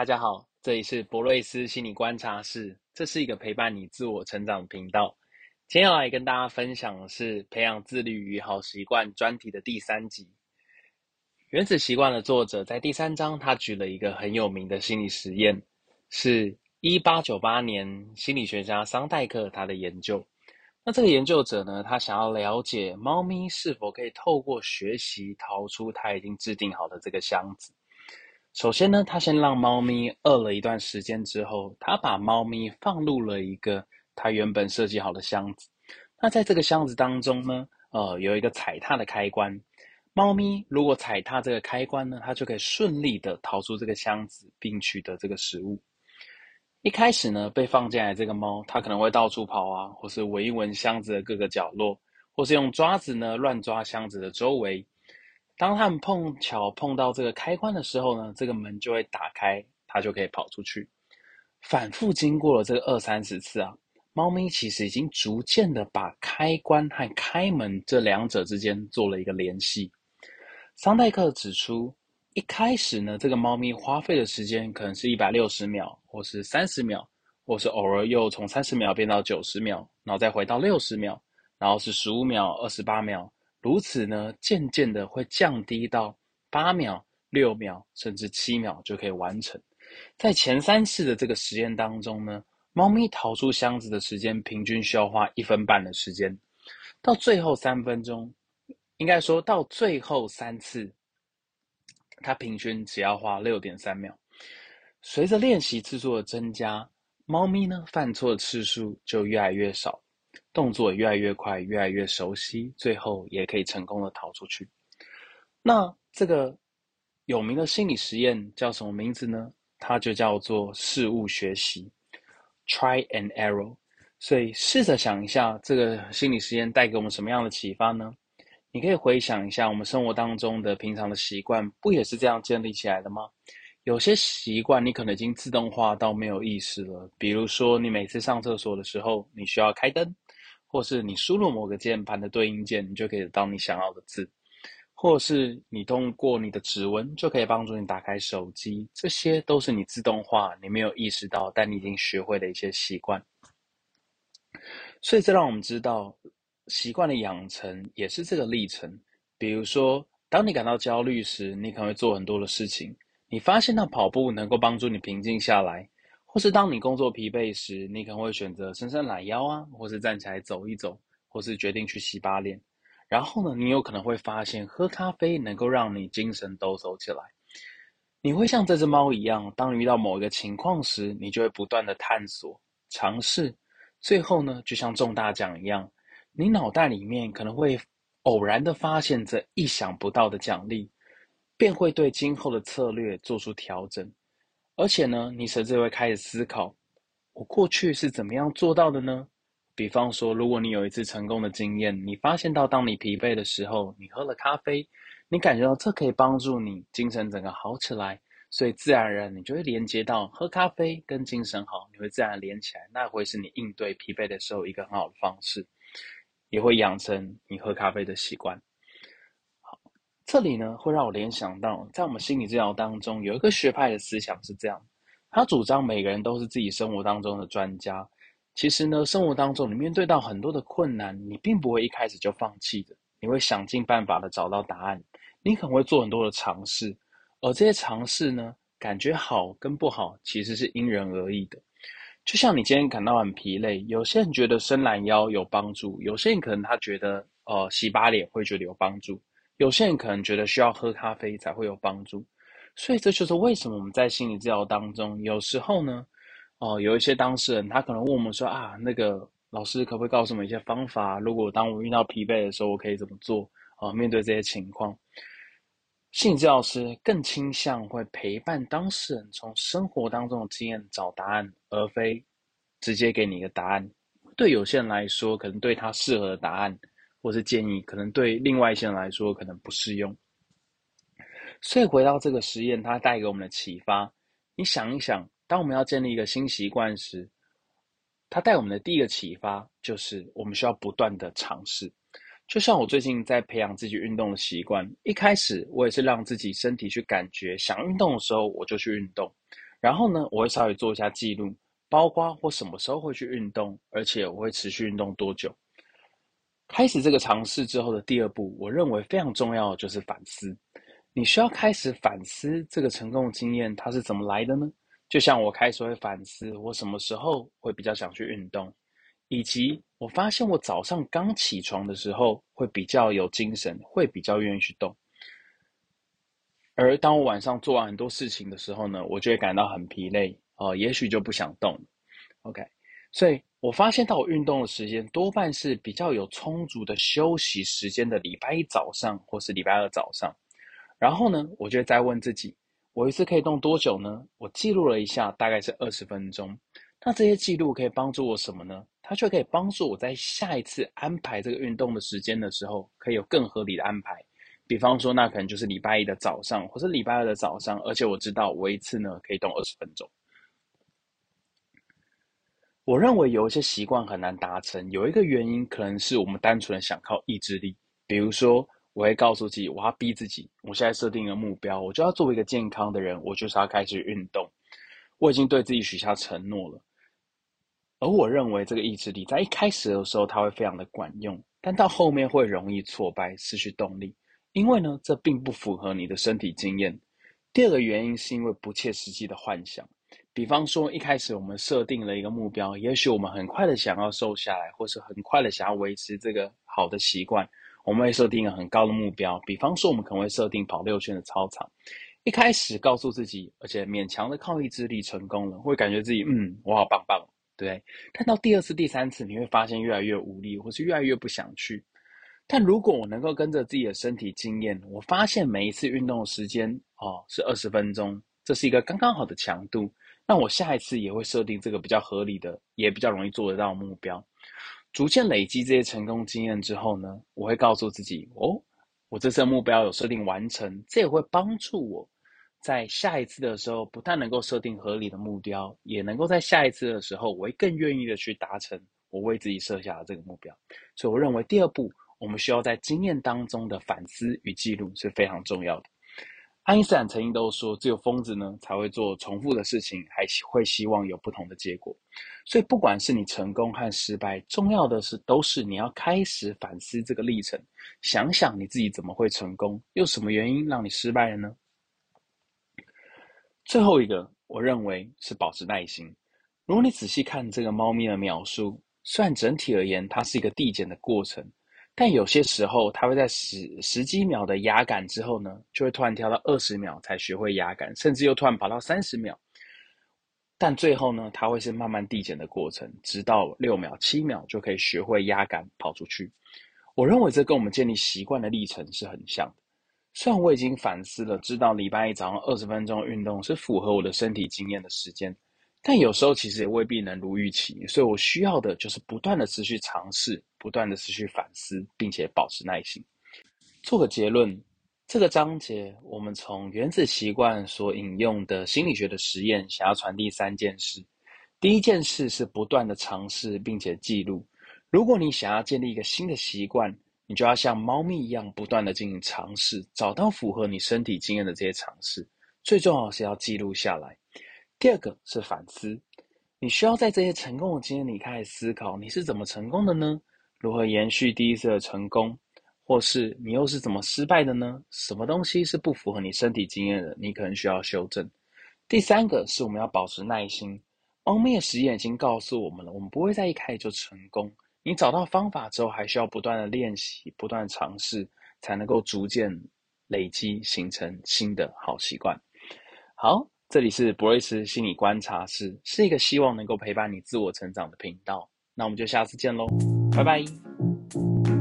大家好，這裡是博瑞斯心理觀察室，這是一個陪伴你自我成長的頻道。今天要來跟大家分享的是培養自律與好習慣專題的第三集。《原子習慣》的作者在第三章，他舉了一個很有名的心理實驗，是一八九八年心理學家桑代克他的研究。那這個研究者呢，他想要了解貓咪是否可以透過學習逃出他已經制定好的這個箱子。首先呢，他先讓貓咪餓了一段時間之後，他把貓咪放入了一個他原本設計好的箱子。那在這個箱子當中呢，呃，有一個踩踏的開關。貓咪如果踩踏這個開關呢，它就可以順利的逃出這個箱子，並取得這個食物。一開始呢，被放進來這個貓，它可能會到處跑啊，或是聞一聞箱子的各個角落，或是用爪子呢亂抓箱子的周圍。當他們碰巧碰到這個開關的時候呢，這個門就會打開，它就可以跑出去。反覆經過了這個二三十次啊，貓咪其實已經逐漸的把開關和開門這兩者之間做了一個聯繫。桑代克指出，一開始呢，這個貓咪花費的時間可能是一百六十秒，或是三十秒，或是偶爾又從三十秒變到九十秒，然後再回到六十秒，然後是十五秒、二十八秒。如此呢，漸漸的會降低到八秒、六秒，甚至七秒就可以完成。在前三次的這個實驗當中呢，貓咪逃出箱子的時間平均需要花一分半的時間。到最後三分鐘，應該說到最後三次，它平均只要花六點三秒。隨着練習次數的增加，貓咪呢犯錯的次數就越來越少。動作越來越快，越來越熟悉，最後也可以成功的逃出去。那這個有名的心理實驗叫什麼名字呢？它就叫做試誤學習 （try and error）。所以試着想一下，這個心理實驗帶給我們什麼樣的啟發呢？你可以回想一下，我們生活當中的平常的習慣，不也是這樣建立起來的嗎？有些習慣你可能已經自動化到沒有意識了，比如說你每次上廁所的時候，你需要開燈。或是你輸入某個鍵盤的對應鍵，你就可以得到你想要的字；或是你通過你的指紋就可以幫助你打開手機，這些都是你自動化，你沒有意識到，但你已經學會的一些習慣。所以，這讓我們知道，習慣的養成也是這個歷程。比如說，當你感到焦慮時，你可能會做很多的事情。你發現到跑步能夠幫助你平靜下來。或是當你工作疲憊時，你可能會選擇伸伸懶腰啊，或是站起來走一走，或是決定去洗把臉。然後呢，你有可能會發現喝咖啡能夠讓你精神抖擻起來。你會像這隻貓一樣，當你遇到某一個情況時，你就會不斷的探索、嘗試。最後呢，就像中大獎一樣，你腦袋裡面可能會偶然的發現這意想不到的獎勵，便會對今後的策略做出調整。而且呢，你甚至會開始思考，我過去是怎麼樣做到的呢？比方說，如果你有一次成功的經驗，你發現到當你疲憊的時候，你喝了咖啡，你感覺到這可以幫助你精神整個好起來，所以自然而然你就會連接到喝咖啡跟精神好，你會自然連起來，那會是你應對疲憊的時候一個很好的方式，也會養成你喝咖啡的習慣。這裡呢，會讓我聯想到，在我們心理治療當中，有一個學派的思想是這樣：他主張每個人都是自己生活當中的專家。其實呢，生活當中你面對到很多的困難，你並不會一開始就放棄的，你會想盡辦法的找到答案。你可能會做很多的嘗試，而這些嘗試呢，感覺好跟不好，其實是因人而異的。就像你今天感到很疲累，有些人覺得伸懶腰有幫助，有些人可能他覺得，呃，洗把臉會覺得有幫助。有些人可能覺得需要喝咖啡才會有幫助，所以這就是為什麼我們在心理治療當中，有時候呢，哦，有一些當事人他可能問我們說啊，那個老師可不可以告訴我們一些方法？如果當我遇到疲憊的時候，我可以怎麼做？啊，面對這些情況，心理治療師更傾向會陪伴當事人從生活當中的經驗找答案，而非直接給你一個答案。對有些人來說，可能對他適合的答案。或是建議，可能對另外一些人來說可能不適用。所以回到這個實驗，它帶給我們的啟發，你想一想，當我們要建立一個新習慣時，它帶給我們的第一個啟發就是我們需要不斷的嘗試。就像我最近在培養自己運動的習慣，一開始我也是讓自己身體去感覺，想運動的時候我就去運動。然後呢，我會稍微做一下記錄，包括我什麼時候會去運動，而且我會持續運動多久。開始這個嘗試之後的第二步，我認為非常重要的就是反思。你需要開始反思這個成功經驗它是怎麼來的呢？就像我開始會反思，我什麼時候會比較想去運動，以及我發現我早上剛起床的時候會比較有精神，會比較願意去動。而當我晚上做完很多事情的時候呢，我就會感到很疲累哦，呃，也許就不想動了。OK，所以。我發現到我運動的時間，多半是比較有充足的休息時間的，禮拜一早上或是禮拜二早上。然後呢，我就會再問自己，我一次可以動多久呢？我記錄了一下，大概是二十分鐘。那這些記錄可以幫助我什麼呢？它卻可以幫助我在下一次安排這個運動的時間的時候，可以有更合理的安排。比方說，那可能就是禮拜一的早上或是禮拜二的早上，而且我知道我一次呢可以動二十分鐘。我認為有一些習慣很難達成，有一個原因可能是我們單純的想靠意志力，比如說我會告訴自己，我要逼自己，我現在設定了目標，我就要作為一個健康的人，我就是要開始運動，我已經對自己許下承諾了。而我認為這個意志力在一開始的時候它會非常的管用，但到後面會容易挫敗，失去動力，因為呢這並不符合你的身體經驗。第二個原因是因為不切實際的幻想。比方說，一開始我們設定了一個目標，也許我們很快的想要瘦下來，或是很快的想要維持這個好的習慣，我們會設定一個很高的目標。比方說，我們可能會設定跑六圈的操場，一開始告訴自己，而且勉強的靠意志力成功了，會感覺自己嗯，我好棒棒，對不對？但到第二次、第三次，你會發現越來越無力，或是越來越不想去。但如果我能夠跟着自己的身體經驗，我發現每一次運動的時間哦是二十分鐘，這是一個剛剛好的強度。那我下一次也會設定這個比較合理的，也比較容易做得到的目標。逐漸累積這些成功經驗之後呢，我會告訴自己，哦，我這次的目標有設定完成，這也會幫助我在下一次的時候，不但能夠設定合理的目標，也能夠在下一次的時候，我會更願意的去達成我為自己設下的這個目標。所以我認為第二步，我們需要在經驗當中的反思與記錄是非常重要的。愛因斯坦曾經都說，只有瘋子呢才會做重複的事情，還會希望有不同的結果。所以，不管是你成功和失敗，重要的是都是你要開始反思這個歷程，想想你自己怎麼會成功，又什麼原因讓你失敗了呢？最後一個，我認為是保持耐心。如果你仔細看這個貓咪的描述，雖然整體而言它是一個遞減的過程。但有些時候，他會在十十幾秒的壓桿之後呢，就會突然跳到二十秒才學會壓桿，甚至又突然跑到三十秒。但最後呢，他會是慢慢遞減的過程，直到六秒、七秒就可以學會壓桿跑出去。我認為這跟我們建立習慣的歷程是很像的。雖然我已經反思了，知道禮拜一早上二十分鐘的運動是符合我的身體經驗的時間。但有時候其實也未必能如預期，所以我需要的就是不斷的持續嘗試，不斷的持續反思，並且保持耐心。做個結論，這個章節我們從原子習慣所引用的心理學的實驗，想要傳遞三件事。第一件事是不斷的嘗試，並且記錄。如果你想要建立一個新的習慣，你就要像貓咪一樣不斷的進行嘗試，找到符合你身體經驗的這些嘗試。最重要是要記錄下來。第二個是反思，你需要在這些成功的經驗裡開始思考，你是怎麼成功的呢？如何延續第一次的成功，或是你又是怎麼失敗的呢？什麼東西是不符合你身體經驗的？你可能需要修正。第三個是我們要保持耐心，歐米的實驗已經告訴我們了，我們不會在一開始就成功。你找到方法之後，還需要不斷的練習、不斷的嘗試，才能夠逐漸累積，形成新的好習慣。好。這裡是博瑞斯心理觀察室，是一個希望能夠陪伴你自我成長的頻道。那我們就下次見嘍，拜拜。